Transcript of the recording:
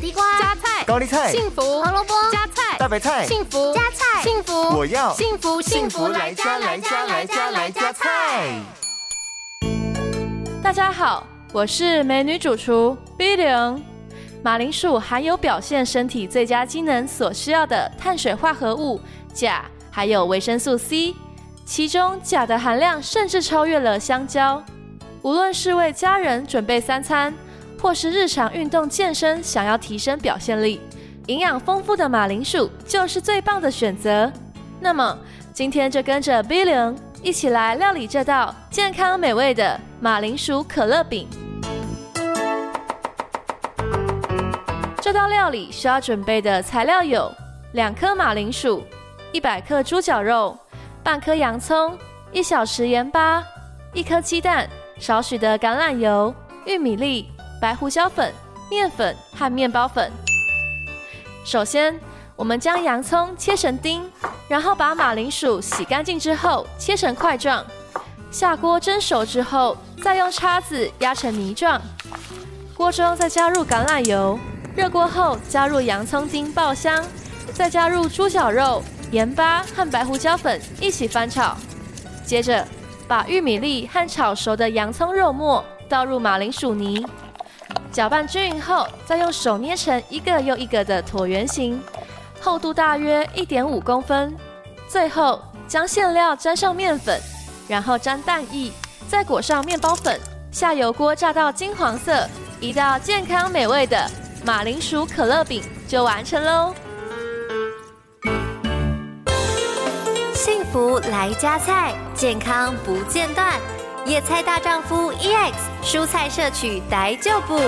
地瓜、加菜、高麗菜、幸福、胡蘿蔔、加菜、大白菜、幸福、加菜、幸福，我要幸福幸福來加來加來加來加菜。大家好，我是美女主廚 B 零。馬鈴薯含有表現身體最佳機能所需要的碳水化合物、鉀，還有維生素 C，其中鉀的含量甚至超越了香蕉。無論是為家人準備三餐。或是日常運動健身，想要提升表現力，營養豐富的馬鈴薯就是最棒的選擇。那麼今天就跟着 Billion 一起來料理這道健康美味的馬鈴薯可樂餅。這道料理需要準備的材料有：兩顆馬鈴薯、一百克豬絞肉、半顆洋蔥、一小匙鹽巴、一顆雞蛋、少許的橄欖油、玉米粒。白胡椒粉、麵粉和麵包粉。首先，我們將洋蔥切成丁，然後把馬鈴薯洗乾淨之後切成塊狀，下鍋蒸熟之後，再用叉子壓成泥狀。鍋中再加入橄欖油，熱鍋後加入洋蔥丁爆香，再加入豬絞肉、鹽巴和白胡椒粉一起翻炒。接着，把玉米粒和炒熟的洋蔥肉末倒入馬鈴薯泥。攪拌均勻後，再用手捏成一個又一個的橢圓形，厚度大約一點五公分。最後將餡料沾上麵粉，然後沾蛋液，再裹上麵包粉，下油鍋炸到金黃色，一道健康美味的馬鈴薯可樂餅就完成嘍！幸福來加菜，健康不間斷。野菜大丈夫 EX，蔬菜攝取逮就補。